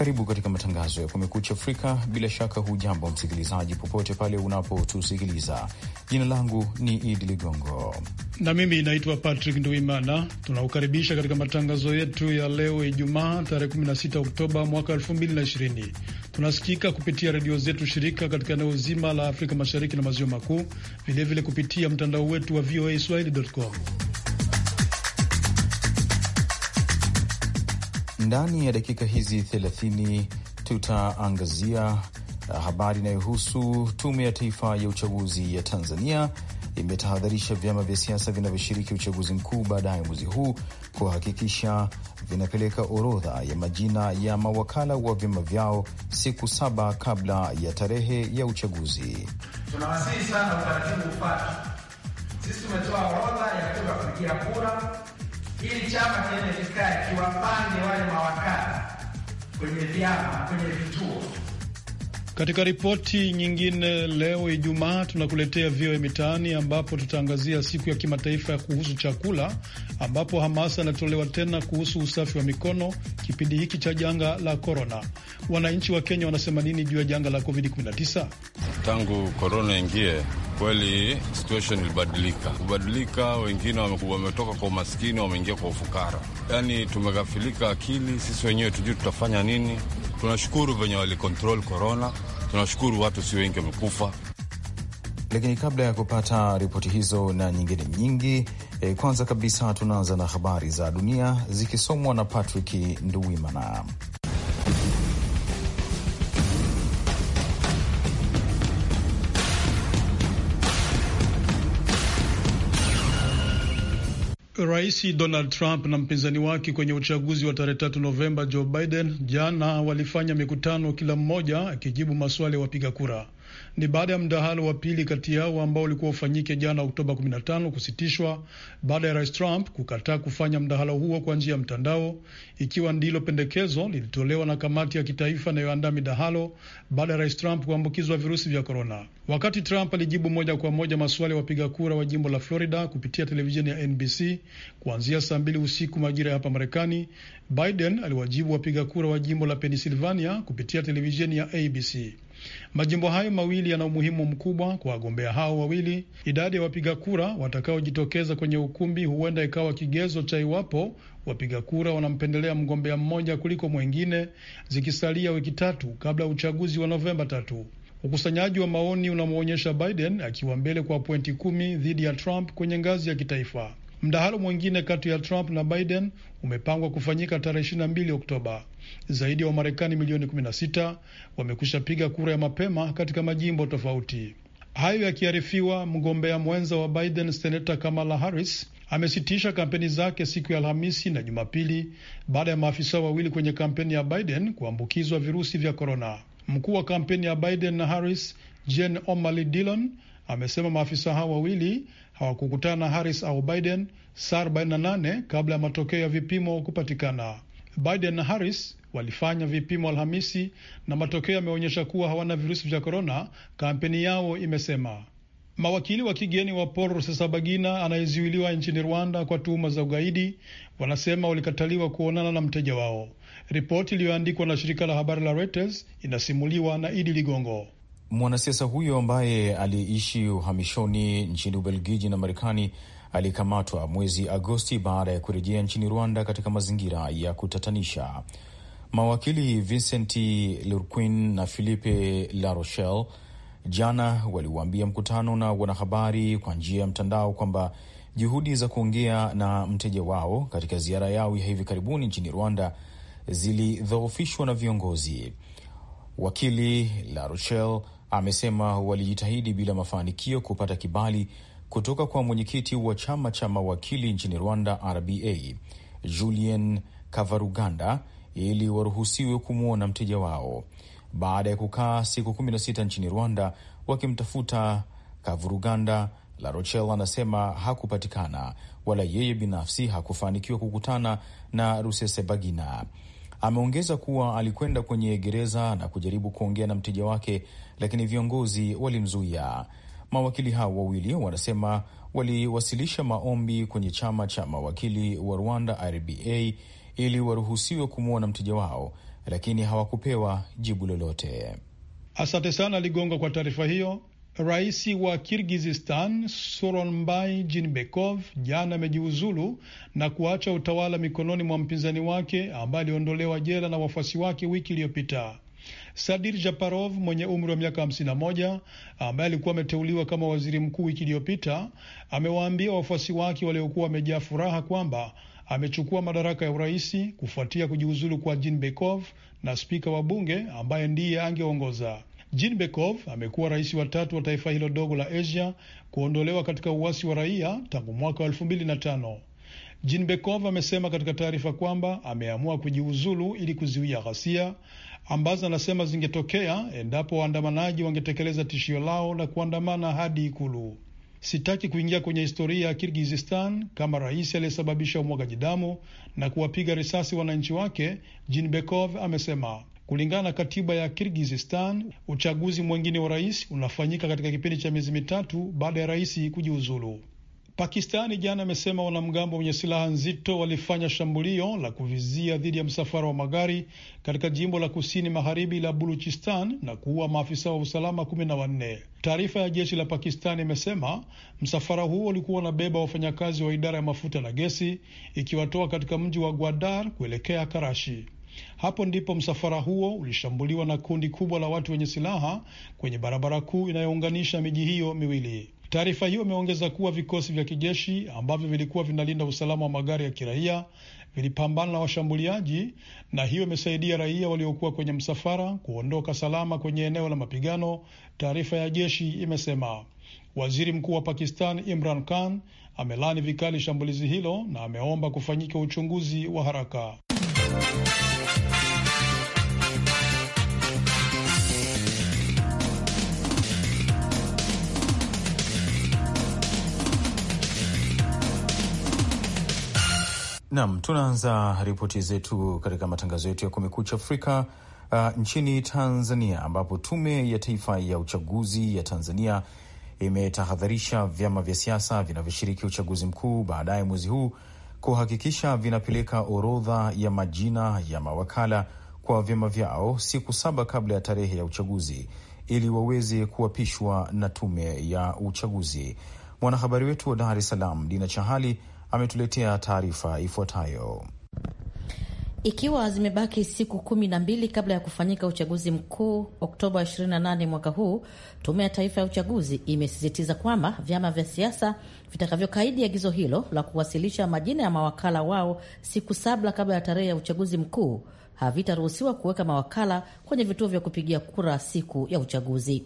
Karibu katika matangazo ya Kumekucha Afrika. Bila shaka, hujambo msikilizaji, popote pale unapotusikiliza. Jina langu ni Idi Ligongo na mimi naitwa Patrick Nduimana. Tunakukaribisha katika matangazo yetu ya leo Ijumaa, tarehe 16 Oktoba mwaka 2020. Tunasikika kupitia redio zetu shirika katika eneo zima la Afrika Mashariki na Maziwa Makuu, vilevile kupitia mtandao wetu wa VOA swahili.com. Ndani ya dakika hizi 30 tutaangazia uh, habari inayohusu Tume ya Taifa ya Uchaguzi ya Tanzania imetahadharisha vyama vya siasa vinavyoshiriki uchaguzi mkuu baadaye mwezi huu kuhakikisha vinapeleka orodha ya majina ya mawakala wa vyama vyao siku saba kabla ya tarehe ya uchaguzi. Tunawasihi sana utaratibu ufuatwe. Sisi tumetoa orodha ya kupigia kura ili chama kiende kiskae kiwapange wale mawakala kwenye vyama, kwenye vituo katika ripoti nyingine, leo Ijumaa, tunakuletea VOA Mitaani, ambapo tutaangazia siku ya kimataifa ya kuhusu chakula, ambapo hamasa inatolewa tena kuhusu usafi wa mikono kipindi hiki cha janga la korona. Wananchi wa Kenya wanasema nini juu ya janga la COVID-19? Tangu korona ingie, kweli situation ilibadilika kubadilika, wengine wametoka kwa umaskini, wameingia kwa ufukara, yaani tumeghafilika akili sisi wenyewe, tujui tutafanya nini. Tunashukuru venye walikontrol korona tunashukuru watu sio wengi wamekufa. Lakini kabla ya kupata ripoti hizo na nyingine nyingi e, kwanza kabisa tunaanza na habari za dunia zikisomwa na Patrick Nduwimana. Rais Donald Trump na mpinzani wake kwenye uchaguzi wa tarehe tatu Novemba, Joe Biden, jana walifanya mikutano, kila mmoja akijibu maswali ya wapiga kura. Ni baada ya mdahalo wa pili kati yao ambao ulikuwa ufanyike jana Oktoba 15 kusitishwa baada ya Rais Trump kukataa kufanya mdahalo huo kwa njia ya mtandao, ikiwa ndilo pendekezo lilitolewa na kamati ya kitaifa inayoandaa midahalo baada ya Rais Trump kuambukizwa virusi vya korona. Wakati Trump alijibu moja kwa moja maswali ya wapiga kura wa jimbo la Florida kupitia televisheni ya NBC kuanzia saa mbili usiku majira ya hapa Marekani, Biden aliwajibu wapiga kura wa jimbo la Pennsylvania kupitia televisheni ya ABC. Majimbo hayo mawili yana umuhimu mkubwa kwa wagombea hao wawili. Idadi ya wapiga kura watakaojitokeza kwenye ukumbi huenda ikawa kigezo cha iwapo wapiga kura wanampendelea mgombea mmoja kuliko mwengine, zikisalia wiki tatu kabla ya uchaguzi wa Novemba tatu. Ukusanyaji wa maoni unamwonyesha Biden akiwa mbele kwa pointi kumi dhidi ya Trump kwenye ngazi ya kitaifa. Mdahalo mwingine kati ya Trump na Biden umepangwa kufanyika tarehe 22 Oktoba. Zaidi ya wa Wamarekani milioni 16 wamekwisha piga kura ya mapema katika majimbo tofauti. Hayo yakiarifiwa, mgombea mwenza wa Biden seneta Kamala Harris amesitisha kampeni zake siku ya Alhamisi na Jumapili baada ya maafisa wawili kwenye kampeni ya Biden kuambukizwa virusi vya korona. Mkuu wa kampeni ya Biden na Harris, Jen Omaly Dillon amesema maafisa hao wawili hawakukutana Harris au Biden saa 48 kabla ya matokeo ya vipimo kupatikana. Biden na Harris walifanya vipimo Alhamisi na matokeo yameonyesha kuwa hawana virusi vya korona, kampeni yao imesema. Mawakili wa kigeni wa Paul Rusesabagina anayezuiliwa nchini Rwanda kwa tuhuma za ugaidi wanasema walikataliwa kuonana na mteja wao. Ripoti iliyoandikwa na shirika la habari la Reuters inasimuliwa na Idi Ligongo. Mwanasiasa huyo ambaye aliishi uhamishoni nchini Ubelgiji na Marekani alikamatwa mwezi Agosti baada ya kurejea nchini Rwanda katika mazingira ya kutatanisha. Mawakili Vincent Lurquin na Philippe La Rochelle jana waliuambia mkutano na wanahabari kwa njia ya mtandao kwamba juhudi za kuongea na mteja wao katika ziara yao ya hivi karibuni nchini Rwanda zilidhoofishwa na viongozi. Wakili La Rochelle amesema walijitahidi bila mafanikio kupata kibali kutoka kwa mwenyekiti wa chama cha mawakili nchini Rwanda, RBA, Julien Kavaruganda, ili waruhusiwe kumwona mteja wao. Baada ya kukaa siku 16 nchini Rwanda wakimtafuta Kavuruganda, La Rochelle anasema hakupatikana, wala yeye binafsi hakufanikiwa kukutana na rusesebagina Ameongeza kuwa alikwenda kwenye gereza na kujaribu kuongea na mteja wake, lakini viongozi walimzuia. Mawakili hao wawili wanasema waliwasilisha maombi kwenye chama cha mawakili wa Rwanda RBA ili waruhusiwe kumwona mteja wao, lakini hawakupewa jibu lolote. Asante sana Ligongo kwa taarifa hiyo. Rais wa Kirgizistan soronbai Jinbekov jana amejiuzulu na kuacha utawala mikononi mwa mpinzani wake ambaye aliondolewa jela na wafuasi wake wiki iliyopita. Sadir Japarov mwenye umri wa miaka 51 ambaye alikuwa ameteuliwa kama waziri mkuu wiki iliyopita amewaambia wafuasi wake waliokuwa wamejaa furaha kwamba amechukua madaraka ya uraisi kufuatia kujiuzulu kwa Jinbekov na spika wa bunge ambaye ndiye angeongoza. Jinbekov amekuwa rais wa tatu wa taifa hilo dogo la Asia kuondolewa katika uasi wa raia tangu mwaka wa elfu mbili na tano. Jinbekov amesema katika taarifa kwamba ameamua kujiuzulu ili kuziwia ghasia ambazo anasema zingetokea endapo waandamanaji wangetekeleza tishio lao la kuandamana hadi Ikulu. Sitaki kuingia kwenye historia ya Kirgizistan kama rais aliyesababisha umwagaji damu na kuwapiga risasi wananchi wake, Jinbekov amesema. Kulingana na katiba ya Kirgizistan, uchaguzi mwengine wa rais unafanyika katika kipindi cha miezi mitatu baada ya rais kujiuzulu. Pakistani jana amesema wanamgambo wenye silaha nzito walifanya shambulio la kuvizia dhidi ya msafara wa magari katika jimbo la kusini magharibi la Buluchistan na kuua maafisa wa usalama kumi na wanne. Taarifa ya jeshi la Pakistani imesema msafara huo ulikuwa unabeba wafanyakazi wa idara ya mafuta na gesi, ikiwatoa katika mji wa Gwadar kuelekea Karashi. Hapo ndipo msafara huo ulishambuliwa na kundi kubwa la watu wenye silaha kwenye barabara kuu inayounganisha miji hiyo miwili. Taarifa hiyo imeongeza kuwa vikosi vya kijeshi ambavyo vilikuwa vinalinda usalama wa magari ya kiraia vilipambana na washambuliaji, na hiyo imesaidia raia waliokuwa kwenye msafara kuondoka salama kwenye eneo la mapigano, taarifa ya jeshi imesema. Waziri Mkuu wa Pakistan Imran Khan amelani vikali shambulizi hilo na ameomba kufanyika uchunguzi wa haraka. Nam, tunaanza ripoti zetu katika matangazo yetu ya Kumekucha Afrika uh, nchini Tanzania, ambapo Tume ya Taifa ya Uchaguzi ya Tanzania imetahadharisha vyama vya siasa vinavyoshiriki uchaguzi mkuu baadaye mwezi huu kuhakikisha vinapeleka orodha ya majina ya mawakala kwa vyama vyao siku saba kabla ya tarehe ya uchaguzi ili waweze kuapishwa na tume ya uchaguzi. Mwanahabari wetu wa Dar es Salaam, Dina Chahali, ametuletea taarifa ifuatayo. Ikiwa zimebaki siku kumi na mbili kabla ya kufanyika uchaguzi mkuu Oktoba 28 mwaka huu, Tume ya Taifa ya Uchaguzi imesisitiza kwamba vyama vya siasa vitakavyokaidi agizo hilo la kuwasilisha majina ya mawakala wao siku saba kabla ya tarehe ya uchaguzi mkuu havitaruhusiwa kuweka mawakala kwenye vituo vya kupigia kura siku ya uchaguzi.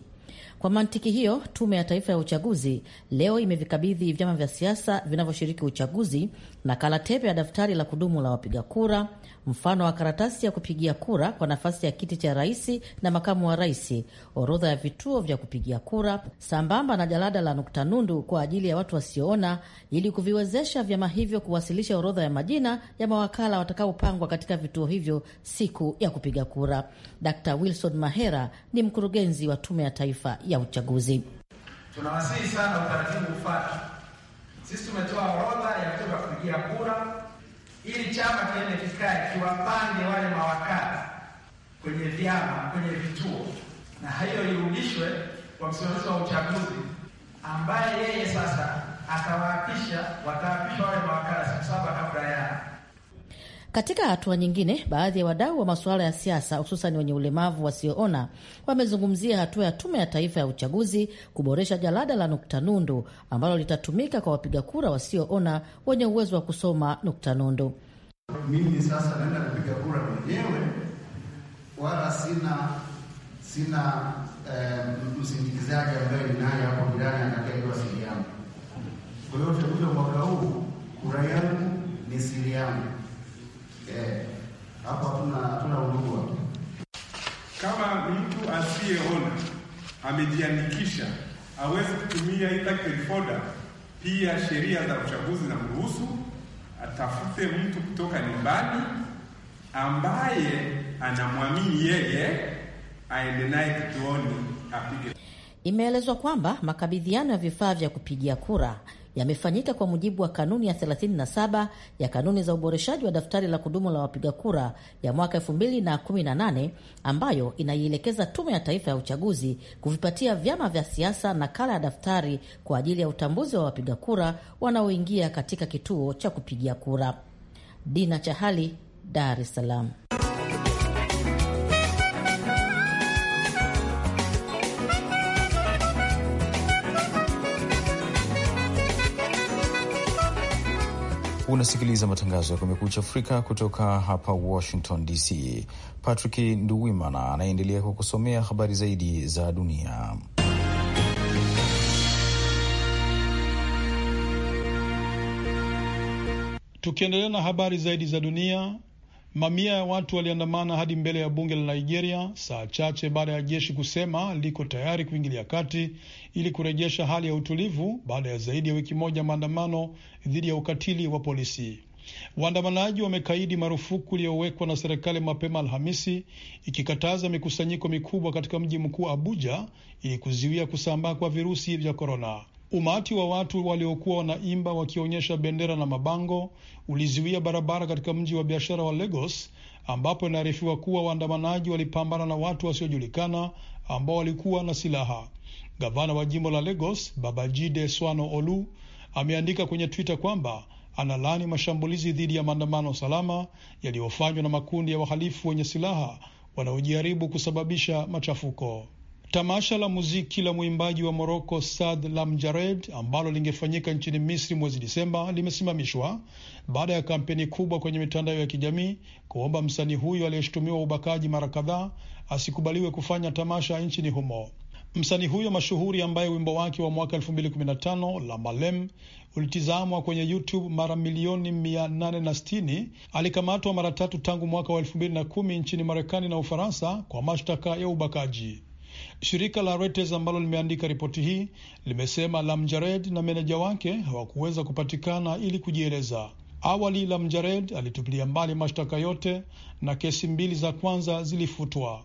Kwa mantiki hiyo, Tume ya Taifa ya Uchaguzi leo imevikabidhi vyama vya siasa vinavyoshiriki uchaguzi nakala tepe ya daftari la kudumu la wapiga kura, mfano wa karatasi ya kupigia kura kwa nafasi ya kiti cha rais na makamu wa rais, orodha ya vituo vya kupigia kura, sambamba na jalada la nukta nundu kwa ajili ya watu wasioona, ili kuviwezesha vyama hivyo kuwasilisha orodha ya majina ya mawakala watakaopangwa katika vituo hivyo siku ya kupiga kura. Dr. Wilson Mahera ni mkurugenzi wa Tume ya Taifa ya Uchaguzi. Tunawasihi sana utaratibu ufuatwe sisi tumetoa orodha ya watu wa kupigia kura ili chama kiende kikae kiwapange wale mawakala kwenye vyama, kwenye vituo, na hiyo irudishwe kwa msimamizi wa uchaguzi ambaye yeye sasa atawaapisha, wataapishwa wale mawakala siku saba kabla ya katika hatua nyingine, baadhi ya wadau wa masuala ya siasa hususan wenye ulemavu wasioona wamezungumzia hatua ya Tume ya Taifa ya Uchaguzi kuboresha jalada la nukta nundu ambalo litatumika kwa wapiga kura wasioona wenye uwezo wa kusoma nukta nundu. Mimi sasa naenda kupiga kura mwenyewe, wala sina sina eh, msindikizaji ambaye ninaye hapo jirani anakaiwa siri yangu. Kwa hiyo uchaguzi wa mwaka huu, kura yangu ni siri yangu. Eh, hapa tuna tuna udugu Kama mtu asiyeona amejiandikisha aweze kutumia electronic folder, pia sheria za uchaguzi na mruhusu atafute mtu kutoka nyumbani ambaye anamwamini yeye aende naye kituoni apige. Imeelezwa kwamba makabidhiano ya vifaa vya kupigia kura yamefanyika kwa mujibu wa kanuni ya 37 ya kanuni za uboreshaji wa daftari la kudumu la wapiga kura ya mwaka 2018 ambayo inaielekeza Tume ya Taifa ya Uchaguzi kuvipatia vyama vya siasa nakala ya daftari kwa ajili ya utambuzi wa wapiga kura wanaoingia katika kituo cha kupigia kura. Dina Chahali, Dar es Salaam. Unasikiliza matangazo ya Kumekucha Afrika kutoka hapa Washington DC. Patrick Nduwimana anaendelea kwa kusomea habari zaidi za dunia. Tukiendelea na habari zaidi za dunia, Mamia ya watu waliandamana hadi mbele ya bunge la Nigeria saa chache baada ya jeshi kusema liko tayari kuingilia kati ili kurejesha hali ya utulivu baada ya zaidi ya wiki moja maandamano dhidi ya ukatili wa polisi. Waandamanaji wamekaidi marufuku iliyowekwa na serikali mapema Alhamisi ikikataza mikusanyiko mikubwa katika mji mkuu Abuja ili kuzuia kusambaa kwa virusi vya korona. Umati wa watu waliokuwa wanaimba wakionyesha bendera na mabango ulizuia barabara katika mji wa biashara wa Lagos, ambapo inaarifiwa kuwa waandamanaji walipambana na watu wasiojulikana ambao walikuwa na silaha. Gavana wa jimbo la Lagos, Babajide Swano Olu, ameandika kwenye Twitter kwamba analani mashambulizi dhidi ya maandamano salama yaliyofanywa na makundi ya wahalifu wenye silaha wanaojaribu kusababisha machafuko. Tamasha la muziki la mwimbaji wa Moroko Saad Lamjared ambalo lingefanyika nchini Misri mwezi Disemba limesimamishwa baada ya kampeni kubwa kwenye mitandao ya kijamii kuomba msanii huyo aliyeshutumiwa ubakaji mara kadhaa asikubaliwe kufanya tamasha nchini humo. Msanii huyo mashuhuri ambaye wimbo wake wa mwaka 2015 la Malem ulitizamwa kwenye YouTube mara milioni 860 alikamatwa mara tatu tangu mwaka wa 2010 nchini Marekani na Ufaransa kwa mashtaka ya ubakaji. Shirika la Reuters ambalo limeandika ripoti hii limesema Lamjared na meneja wake hawakuweza kupatikana ili kujieleza. Awali Lamjared alitupilia mbali mashtaka yote na kesi mbili za kwanza zilifutwa.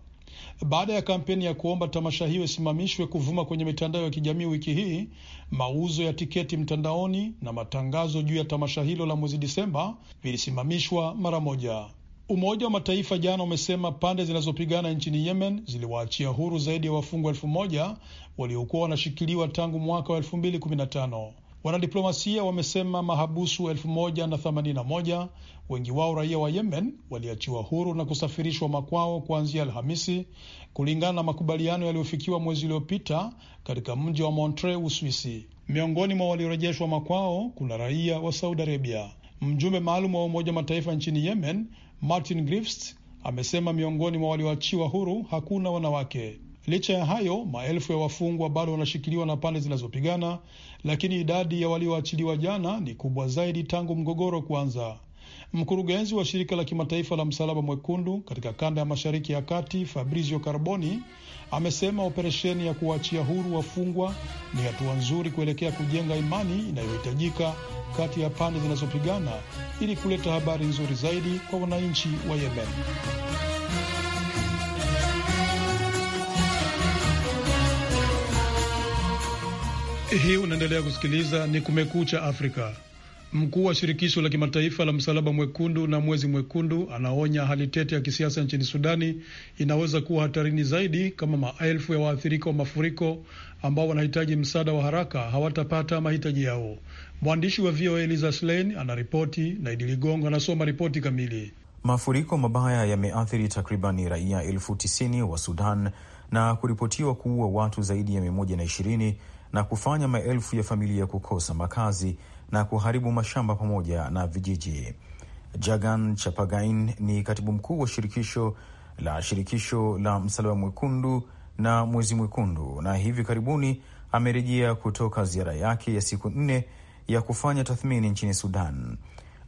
Baada ya kampeni ya kuomba tamasha hiyo isimamishwe kuvuma kwenye mitandao ya kijamii wiki hii, mauzo ya tiketi mtandaoni na matangazo juu ya tamasha hilo la mwezi Disemba vilisimamishwa mara moja. Umoja wa Mataifa jana umesema pande zinazopigana nchini Yemen ziliwaachia huru zaidi ya wafungwa elfu moja waliokuwa wanashikiliwa tangu mwaka wa elfu mbili kumi na tano. Wanadiplomasia wamesema mahabusu elfu moja na themanini na moja, wengi wao raia wa Yemen, waliachiwa huru na kusafirishwa makwao kuanzia Alhamisi kulingana na makubaliano yaliyofikiwa mwezi uliopita katika mji wa Montre, Uswisi. Miongoni mwa waliorejeshwa makwao kuna raia wa Saudi Arabia. Mjumbe maalum wa Umoja Mataifa nchini Yemen Martin Griffiths amesema miongoni mwa walioachiwa huru hakuna wanawake. Licha ya hayo, maelfu ya wafungwa bado wanashikiliwa na pande zinazopigana, lakini idadi ya walioachiliwa jana ni kubwa zaidi tangu mgogoro kuanza. Mkurugenzi wa shirika la kimataifa la Msalaba Mwekundu katika kanda ya Mashariki ya Kati, Fabrizio Carboni, amesema operesheni ya kuwaachia huru wafungwa ni hatua nzuri kuelekea kujenga imani inayohitajika kati ya pande zinazopigana ili kuleta habari nzuri zaidi kwa wananchi wa Yemen. Hii unaendelea kusikiliza ni Kumekucha Afrika. Mkuu wa shirikisho la kimataifa la Msalaba Mwekundu na Mwezi Mwekundu anaonya hali tete ya kisiasa nchini Sudani inaweza kuwa hatarini zaidi kama maelfu ya waathirika wa mafuriko ambao wanahitaji msaada wa haraka hawatapata mahitaji yao. Mwandishi wa VOA Eliza Slein anaripoti na Idi Ligongo anasoma ripoti kamili. Mafuriko mabaya yameathiri takribani raia elfu tisini wa Sudan na kuripotiwa kuua watu zaidi ya mia moja na ishirini na kufanya maelfu ya familia kukosa makazi na kuharibu mashamba pamoja na vijiji. Jagan Chapagain ni katibu mkuu wa shirikisho la shirikisho la Msalaba Mwekundu na Mwezi Mwekundu, na hivi karibuni amerejea kutoka ziara yake ya siku nne ya kufanya tathmini nchini Sudan.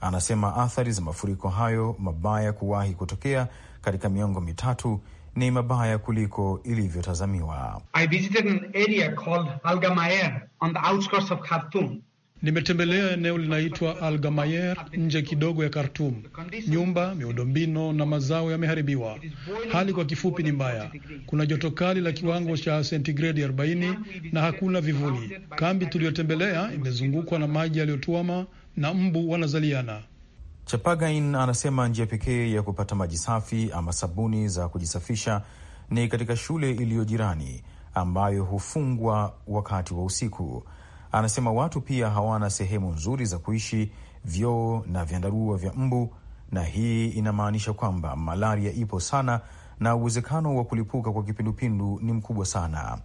Anasema athari za mafuriko hayo mabaya kuwahi kutokea katika miongo mitatu ni mabaya kuliko ilivyotazamiwa. I visited an area called Algamayer on the outskirts of Khartoum. Nimetembelea eneo linaitwa Algamayer nje kidogo ya Khartum. Nyumba, miundombino na mazao yameharibiwa. Hali kwa kifupi ni mbaya. Kuna joto kali la kiwango cha sentigredi 40 na hakuna vivuli. Kambi tuliyotembelea imezungukwa na maji yaliyotuama na mbu wanazaliana. Chapagain anasema njia pekee ya kupata maji safi ama sabuni za kujisafisha ni katika shule iliyo jirani ambayo hufungwa wakati wa usiku. Anasema watu pia hawana sehemu nzuri za kuishi, vyoo na vyandarua vya mbu, na hii inamaanisha kwamba malaria ipo sana na uwezekano wa kulipuka kwa kipindupindu ni mkubwa sana.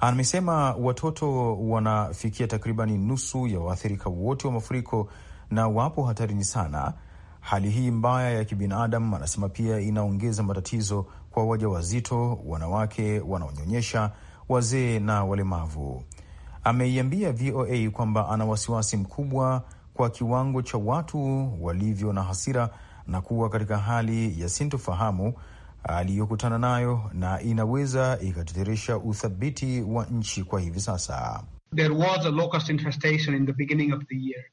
Amesema watoto wanafikia takribani nusu ya waathirika wote wa mafuriko na wapo hatarini sana. Hali hii mbaya ya kibinadamu, anasema pia, inaongeza matatizo kwa wajawazito, wanawake wanaonyonyesha, wazee na walemavu ameiambia VOA kwamba ana wasiwasi mkubwa kwa kiwango cha watu walivyo na hasira na kuwa katika hali ya sintofahamu aliyokutana nayo na inaweza ikatetheresha uthabiti wa nchi kwa hivi sasa. There was a locust infestation in the beginning of the year.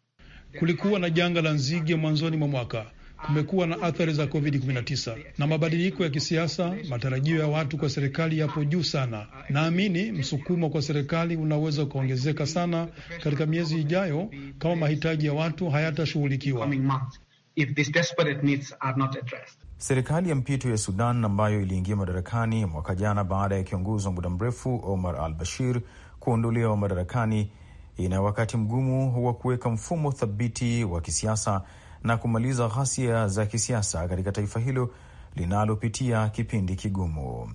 Kulikuwa na janga la nzige mwanzoni mwa mwaka kumekuwa na athari za COVID-19 na mabadiliko ya kisiasa. Matarajio ya watu kwa serikali yapo juu sana. Naamini msukumo kwa serikali unaweza ukaongezeka sana katika miezi ijayo kama mahitaji ya watu hayatashughulikiwa. Serikali ya mpito ya Sudan ambayo iliingia madarakani mwaka jana baada ya kiongozi wa muda mrefu Omar al Bashir kuondolewa madarakani ina wakati mgumu wa kuweka mfumo thabiti wa kisiasa na kumaliza ghasia za kisiasa katika taifa hilo linalopitia kipindi kigumu.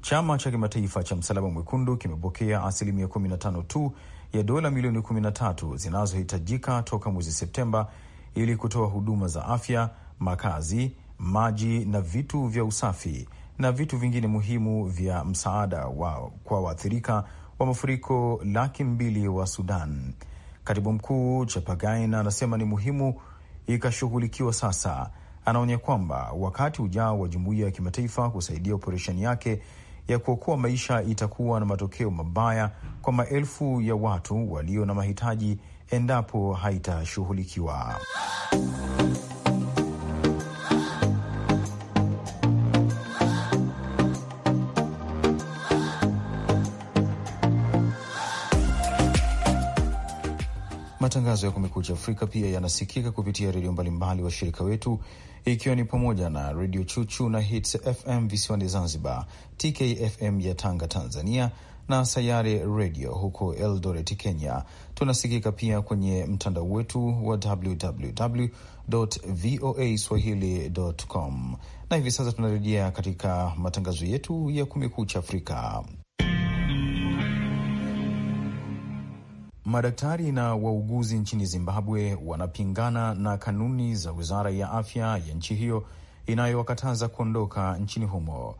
Chama cha kimataifa cha Msalaba Mwekundu kimepokea asilimia 15 tu ya dola milioni 13 zinazohitajika toka mwezi Septemba ili kutoa huduma za afya, makazi, maji na vitu vya usafi na vitu vingine muhimu vya msaada wa kwa waathirika wa mafuriko laki mbili wa Sudan. Katibu mkuu Chapagain anasema ni muhimu ikashughulikiwa sasa. Anaonya kwamba wakati ujao wa jumuiya ya kimataifa kusaidia operesheni yake ya kuokoa maisha itakuwa na matokeo mabaya kwa maelfu ya watu walio na mahitaji endapo haitashughulikiwa. Matangazo ya Kumekucha Afrika pia yanasikika kupitia redio mbalimbali wa shirika wetu, ikiwa ni pamoja na Redio Chuchu na Hits FM visiwani Zanzibar, TKFM ya Tanga, Tanzania, na Sayare Redio huko Eldoret, Kenya. Tunasikika pia kwenye mtandao wetu wa www voa swahili.com, na hivi sasa tunarejea katika matangazo yetu ya Kumekucha Afrika. Madaktari na wauguzi nchini Zimbabwe wanapingana na kanuni za wizara ya afya ya nchi hiyo inayowakataza kuondoka nchini humo.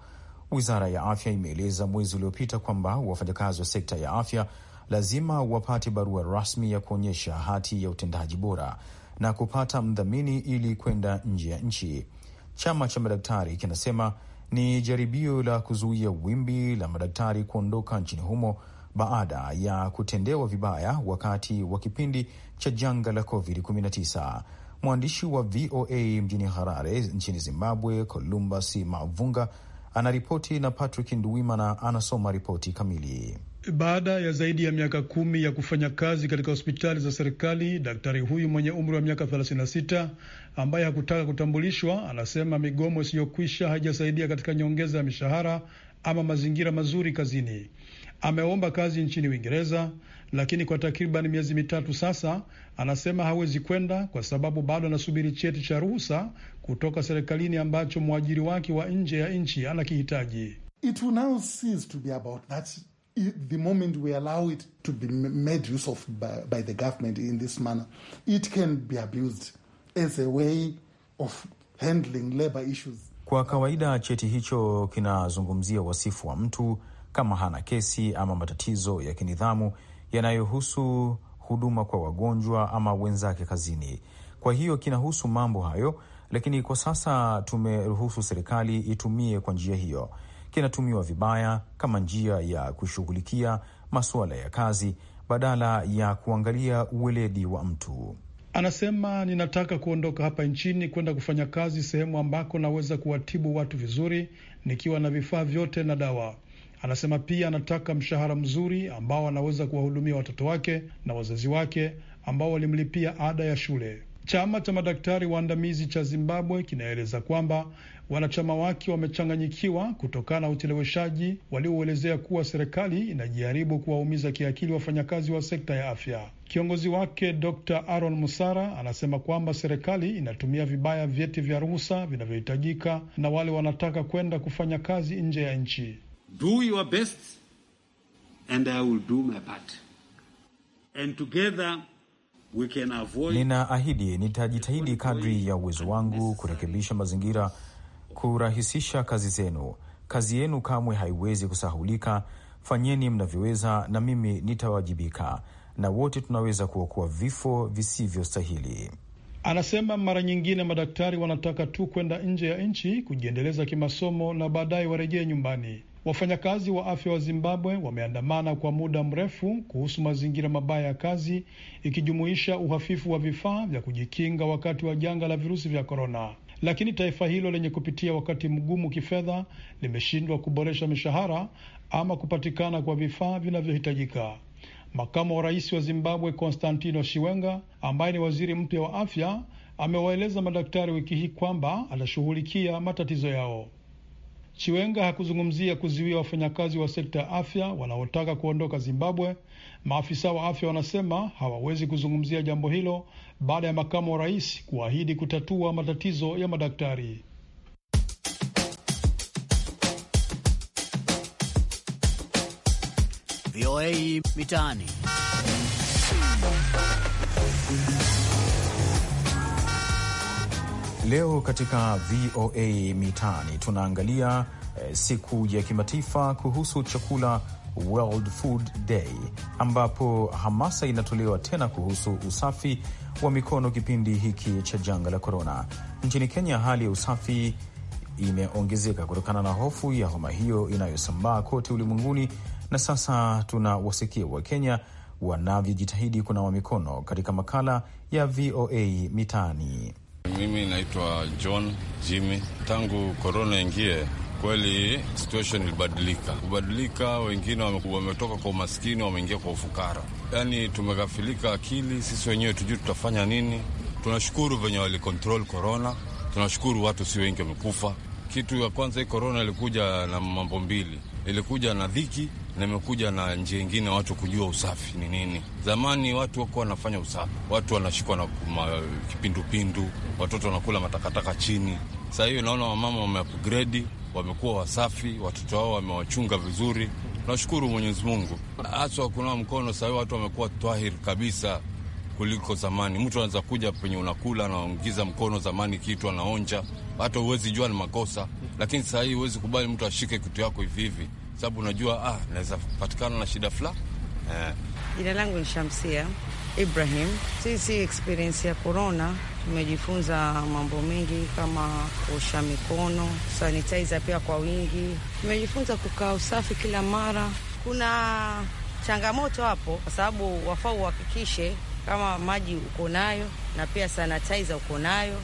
Wizara ya afya imeeleza mwezi uliopita kwamba wafanyakazi wa sekta ya afya lazima wapate barua rasmi ya kuonyesha hati ya utendaji bora na kupata mdhamini ili kwenda nje ya nchi. Chama cha madaktari kinasema ni jaribio la kuzuia wimbi la madaktari kuondoka nchini humo baada ya kutendewa vibaya wakati wa kipindi cha janga la COVID-19. Mwandishi wa VOA mjini Harare nchini Zimbabwe, Columbus Mavunga anaripoti na Patrick Nduwimana anasoma ripoti kamili. Baada ya zaidi ya miaka kumi ya kufanya kazi katika hospitali za serikali, daktari huyu mwenye umri wa miaka 36 ambaye hakutaka kutambulishwa anasema migomo isiyokwisha haijasaidia katika nyongeza ya mishahara ama mazingira mazuri kazini. Ameomba kazi nchini Uingereza, lakini kwa takriban miezi mitatu sasa anasema hawezi kwenda kwa sababu bado anasubiri cheti cha ruhusa kutoka serikalini ambacho mwajiri wake wa nje ya nchi anakihitaji. Kwa kawaida cheti hicho kinazungumzia wasifu wa mtu kama hana kesi ama matatizo ya kinidhamu yanayohusu huduma kwa wagonjwa ama wenzake kazini. Kwa hiyo kinahusu mambo hayo, lakini kwa sasa tumeruhusu serikali itumie kwa njia hiyo. Kinatumiwa vibaya kama njia ya kushughulikia masuala ya kazi badala ya kuangalia uweledi wa mtu. Anasema, ninataka kuondoka hapa nchini kwenda kufanya kazi sehemu ambako naweza kuwatibu watu vizuri nikiwa na vifaa vyote na dawa. Anasema pia anataka mshahara mzuri ambao anaweza kuwahudumia watoto wake na wazazi wake ambao walimlipia ada ya shule. Chama cha madaktari waandamizi cha Zimbabwe kinaeleza kwamba wanachama wake wamechanganyikiwa kutokana na ucheleweshaji waliouelezea kuwa serikali inajaribu kuwaumiza kiakili wafanyakazi wa sekta ya afya. Kiongozi wake Dr Aaron Musara anasema kwamba serikali inatumia vibaya vyeti vya ruhusa vinavyohitajika na wale wanataka kwenda kufanya kazi nje ya nchi. Do your best and I will do my part. And together we can avoid... Ninaahidi nitajitahidi kadri ya uwezo wangu kurekebisha mazingira, kurahisisha kazi zenu. Kazi yenu kamwe haiwezi kusahulika. Fanyeni mnavyoweza na mimi nitawajibika, na wote tunaweza kuokoa vifo visivyostahili. Anasema mara nyingine madaktari wanataka tu kwenda nje ya nchi kujiendeleza kimasomo na baadaye warejee nyumbani. Wafanyakazi wa afya wa Zimbabwe wameandamana kwa muda mrefu kuhusu mazingira mabaya ya kazi ikijumuisha uhafifu wa vifaa vya kujikinga wakati wa janga la virusi vya korona. Lakini taifa hilo lenye kupitia wakati mgumu kifedha limeshindwa kuboresha mishahara ama kupatikana kwa vifaa vinavyohitajika. Makamu wa rais wa Zimbabwe Konstantino Shiwenga, ambaye ni waziri mpya wa afya, amewaeleza madaktari wiki hii kwamba atashughulikia matatizo yao. Chiwenga hakuzungumzia kuziwia wafanyakazi wa sekta ya afya wanaotaka kuondoka Zimbabwe. Maafisa wa afya wanasema hawawezi kuzungumzia jambo hilo baada ya makamu wa rais kuahidi kutatua matatizo ya madaktari. VOA Mitaani. Leo katika VOA Mitaani tunaangalia eh, siku ya kimataifa kuhusu chakula World Food Day, ambapo hamasa inatolewa tena kuhusu usafi wa mikono kipindi hiki cha janga la korona. Nchini Kenya, hali ya usafi imeongezeka kutokana na hofu ya homa hiyo inayosambaa kote ulimwenguni, na sasa tunawasikia Wakenya wanavyojitahidi kunawa mikono katika makala ya VOA Mitaani. Mimi naitwa John Jimmy. Tangu korona ingie Kweli situation ilibadilika, kubadilika. Wengine wametoka kwa umaskini, wameingia kwa ufukara, yaani tumeghafilika akili sisi wenyewe, tujui tutafanya nini. Tunashukuru venye walikontrol korona, tunashukuru watu si wengi wamekufa. Kitu ya kwanza hii korona ilikuja na mambo mbili Ilikuja na dhiki na imekuja na njia ingine, watu kujua usafi ni nini. Zamani watu wakuwa wanafanya usafi, watu wanashikwa na kipindupindu, watoto wanakula matakataka chini. Saa hiyo naona wamama wameupgredi, wamekuwa wasafi, watoto wao wamewachunga vizuri. Nashukuru Mwenyezi Mungu, haswa kunawa mkono. Saa hiyo watu wamekuwa twahir kabisa kuliko zamani. Mtu anaweza kuja penye unakula, anaongiza mkono. Zamani kitu anaonja, hata huwezi jua ni makosa, lakini saa hii huwezi kubali mtu ashike kitu yako hivi hivi, sababu unajua ah, naweza patikana na shida fulani eh. Jina langu ni Shamsia Ibrahim. Sisi experience ya korona tumejifunza mambo mengi kama kuosha mikono, sanitizer pia kwa wingi. Tumejifunza kukaa usafi kila mara. Kuna changamoto hapo, kwa sababu wafaa uhakikishe kama maji uko nayo na pia sanitizer uko nayo,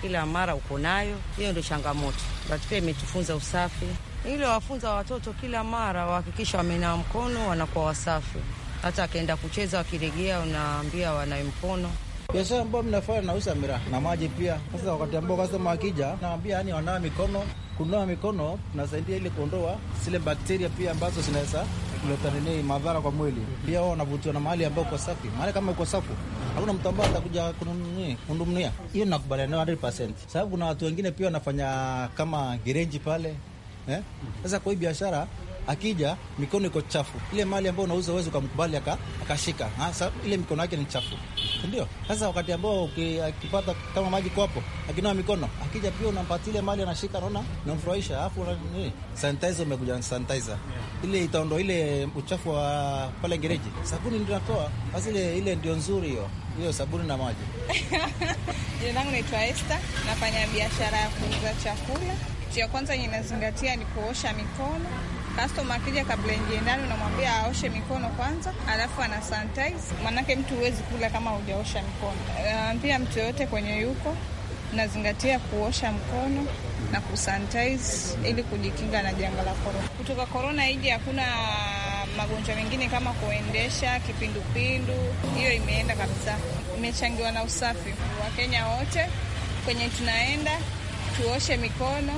kila mara uko nayo. Hiyo ndio changamoto, but pia imetufunza usafi, ile wafunza watoto kila mara wahakikisha wamenawa mkono, wanakuwa wasafi. Hata akaenda kucheza, wakiregea unaambia wanawe mkono biashara ambayo mnafanya nauza miraa na maji pia. Sasa wakati ambao kasema akija, naambia yani wanawa mikono. Kunawa mikono tunasaidia ili kuondoa zile bakteria pia ambazo zinaweza kuleta nini madhara kwa mwili. Pia wao wanavutiwa na mahali ambayo kwa safi, maana kama iko safi hakuna mtu ambaye atakuja kundumnia. Hiyo nakubaliana 100%, sababu kuna watu wengine pia wanafanya kama gerenji pale eh? Sasa kwa hii biashara akija mikono iko chafu, ile mali ambayo unauza uwezi ukamkubali akashika, ah, ile mikono yake ni chafu ndio sasa wakati ambao akipata kama maji kwapo, akinawa mikono, akija pia unampatile mali, anashika naona namfurahisha, alafu nini, sanitizer umekuja sanitizer ile itaondoa ile uchafu wa pale gereji. Sabuni ndio natoa basi, ile ile ndio nzuri hiyo hiyo, sabuni na maji. Jina langu naitwa Esther, nafanya biashara ya kuuza chakula. Kitu ya kwanza ninazingatia ni kuosha mikono Customer akija, kabla ingie ndani, unamwambia aoshe mikono kwanza, alafu ana sanitize, manake mtu huwezi kula kama hujaosha mikono. Naambia mtu yoyote kwenye yuko nazingatia kuosha mkono na kusanitize ili kujikinga na janga la korona. Kutoka korona iji, hakuna magonjwa mengine kama kuendesha kipindupindu, hiyo imeenda kabisa, imechangiwa na usafi wa Kenya wote kwenye tunaenda tuoshe mikono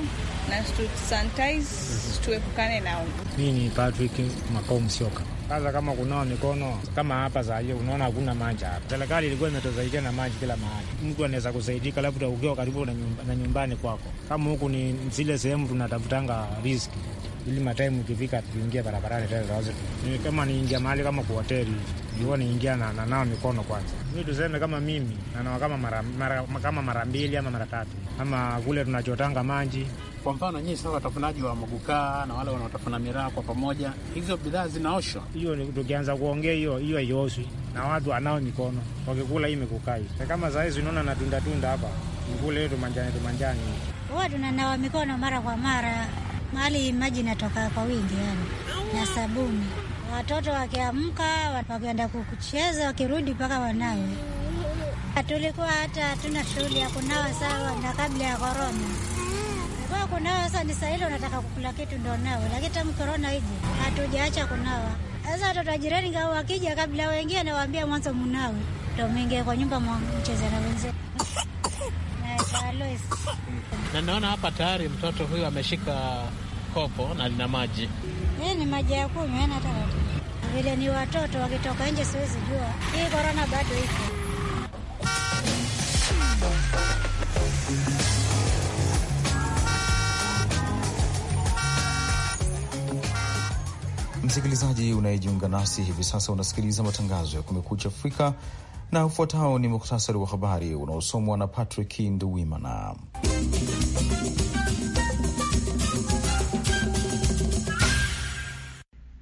na tusanitize, mhm. tuepukane na mi. ni Patrick Makao Msioka. Sasa kama kunawa mikono kama hapa zaje, unaona hakuna maji hapa. Serikali ilikuwa imetosaidia na maji kila mahali, mtu anaweza kusaidika, labda ukiwa karibu na nyumbani kwako. Kama huku ni zile sehemu tunatafutanga riski ili mataimu ikifika tuingie barabarani tena tunaweza kama niingia mahali kama kwa hoteli ilikuwa niingia na, na nao mikono kwanza. Mi tuseme kama mimi nanawa kama mara, mara, kama mara mbili ama mara tatu ama kule tunachotanga maji kwa mfano nyinyi sasa watafunaji wa magukaa na wale wanaotafuna miraa kwa pamoja, hizo bidhaa zinaoshwa. Hiyo tukianza kuongea hiyo hiyo haioshwi na watu anao mikono wakikula hii mikukaa hii. Kama saa hizi unaona na tundatunda hapa, mkule tumanjani tumanjani, huwa tunanawa mikono mara kwa mara mahali maji inatoka kwa wingi yani, na sabuni. Watoto wakiamka wakienda kucheza, wakirudi mpaka wanawe. Tulikuwa hata hatuna shughuli ya kunawa sawa, na kabla ya korona kwa kunawa sasa ni sahili, unataka kukula kitu ndo nawe, lakini tangu korona hivi hatujaacha kunawa. Sasa watoto wa jirani ngao wakija, kabla waingie, nawaambia mwanzo mnawe, ndo mwingie kwa nyumba mcheze na wenzetu na naona hapa tayari mtoto huyu ameshika kopo na lina maji. Hii ni maji ya kunywa, na hata vile. Ni watoto wakitoka nje, siwezi jua hii korona bado iko. Msikilizaji unayejiunga nasi hivi sasa, unasikiliza matangazo ya Kumekucha Afrika na ufuatao ni muktasari wa habari unaosomwa na Patrick Nduwimana.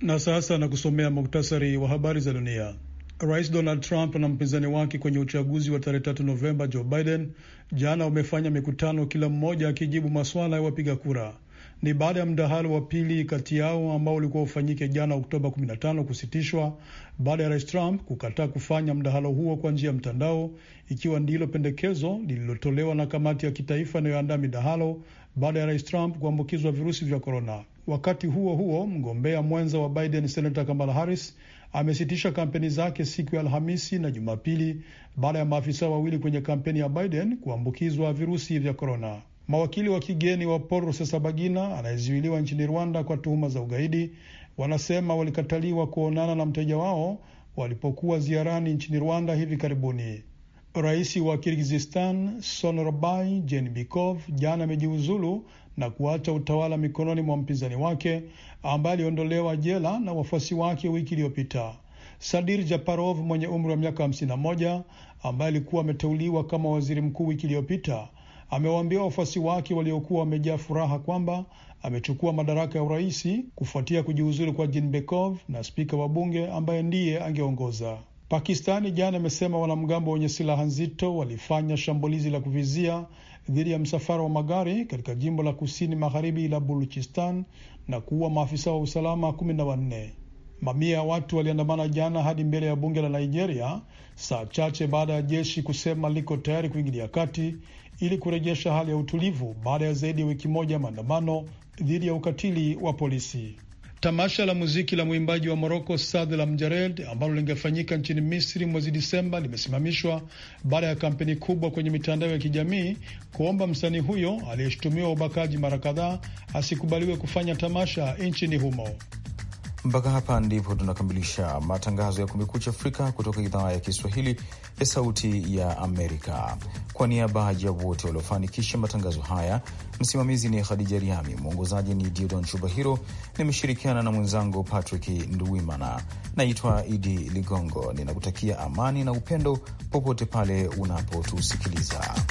Na sasa nakusomea muktasari wa habari za dunia. Rais Donald Trump na mpinzani wake kwenye uchaguzi wa tarehe tatu Novemba, Joe Biden, jana wamefanya mikutano, kila mmoja akijibu maswala ya wapiga kura ni baada ya mdahalo wa pili kati yao ambao ulikuwa ufanyike jana Oktoba 15 kusitishwa baada ya rais Trump kukataa kufanya mdahalo huo kwa njia ya mtandao, ikiwa ndilo pendekezo lililotolewa na kamati ya kitaifa inayoandaa midahalo baada ya rais Trump kuambukizwa virusi vya korona. Wakati huo huo, mgombea mwenza wa Biden senata Kamala Harris amesitisha kampeni zake siku ya Alhamisi na Jumapili baada ya maafisa wawili kwenye kampeni ya Biden kuambukizwa virusi vya korona. Mawakili wa kigeni wa Paul Rusesabagina anayezuiliwa nchini Rwanda kwa tuhuma za ugaidi wanasema walikataliwa kuonana na mteja wao walipokuwa ziarani nchini Rwanda hivi karibuni. Rais wa Kirgizistan Sonorbai Jeenbekov jana amejiuzulu na kuacha utawala mikononi mwa mpinzani wake ambaye aliondolewa jela na wafuasi wake wiki iliyopita. Sadir Japarov mwenye umri wa miaka 51 ambaye alikuwa ameteuliwa kama waziri mkuu wiki iliyopita amewaambia wafuasi wake waliokuwa wamejaa furaha kwamba amechukua madaraka ya uraisi kufuatia kujiuzulu kwa Jinbekov na spika wa bunge ambaye ndiye angeongoza. Pakistani jana amesema wanamgambo wenye silaha nzito walifanya shambulizi la kuvizia dhidi ya msafara wa magari katika jimbo la kusini magharibi la Buluchistan na kuua maafisa wa usalama kumi na wanne. Mamia ya watu waliandamana jana hadi mbele ya bunge la Nigeria saa chache baada ya jeshi kusema liko tayari kuingilia kati ili kurejesha hali ya utulivu baada ya zaidi ya wiki moja maandamano dhidi ya ukatili wa polisi. Tamasha la muziki la mwimbaji wa Moroko sadh la Mjared ambalo lingefanyika nchini Misri mwezi Disemba limesimamishwa baada ya kampeni kubwa kwenye mitandao ya kijamii kuomba msanii huyo aliyeshutumiwa ubakaji mara kadhaa asikubaliwe kufanya tamasha nchini humo. Mpaka hapa ndipo tunakamilisha matangazo ya Kumekucha Afrika kutoka idhaa ya Kiswahili ya Sauti ya Amerika. Kwa niaba ya wote waliofanikisha matangazo haya, msimamizi ni Khadija Riami, mwongozaji ni Diodon Chubahiro. Nimeshirikiana na mwenzangu Patrick Nduwimana. Naitwa Idi Ligongo, ninakutakia amani na upendo popote pale unapotusikiliza.